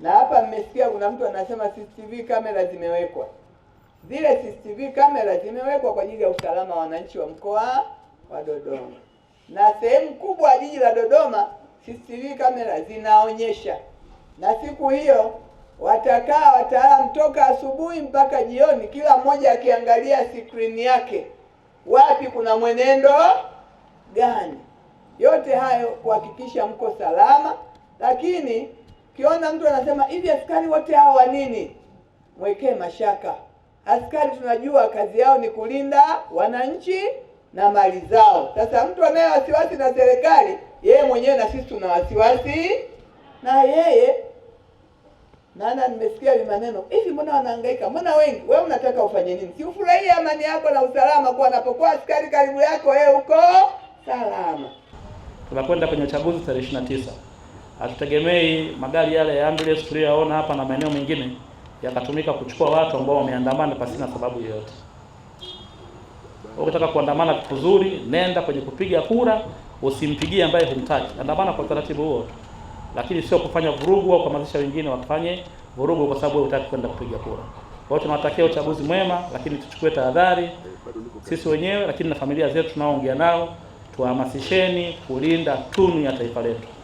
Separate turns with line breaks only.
Na hapa mmesikia kuna mtu anasema CCTV kamera zimewekwa. Zile CCTV kamera zimewekwa kwa ajili ya usalama wa wananchi wa mkoa wa Dodoma, na sehemu kubwa ya jiji la Dodoma CCTV kamera zinaonyesha, na siku hiyo watakaa wataalamu toka asubuhi mpaka jioni, kila mmoja akiangalia skrini yake, wapi kuna mwenendo gani. Yote hayo kuhakikisha mko salama, lakini Ukiona mtu anasema hivi askari wote hao wa nini, mwekee mashaka. Askari tunajua kazi yao ni kulinda wananchi na mali zao. Sasa mtu anaye wasiwasi na serikali, yeye mwenyewe na sisi tuna wasiwasi na yeye. Maana nimesikia hivi maneno hivi, mbona wanahangaika, mbona wengi? Wewe unataka ufanye nini? Si ufurahie amani yako na usalama, kwa anapokuwa askari karibu yako, wewe uko salama.
Tunakwenda kwenye uchaguzi tarehe 29 hatutegemei magari yale ya ambulance tuliyoyaona hapa na maeneo mengine yakatumika kuchukua watu ambao wameandamana pasina sababu yoyote. Ukitaka kuandamana kuzuri, nenda kwenye kupiga kura, usimpigie ambaye humtaki. Andamana kwa utaratibu huo, lakini sio kufanya vurugu au kuhamasisha wengine wafanye vurugu kwa sababu hutaki kwenda kupiga kura. Kwa hiyo tunawatakia uchaguzi mwema, lakini tuchukue tahadhari sisi wenyewe, lakini na familia zetu tunaoongea nao, tuhamasisheni kulinda tunu ya taifa letu.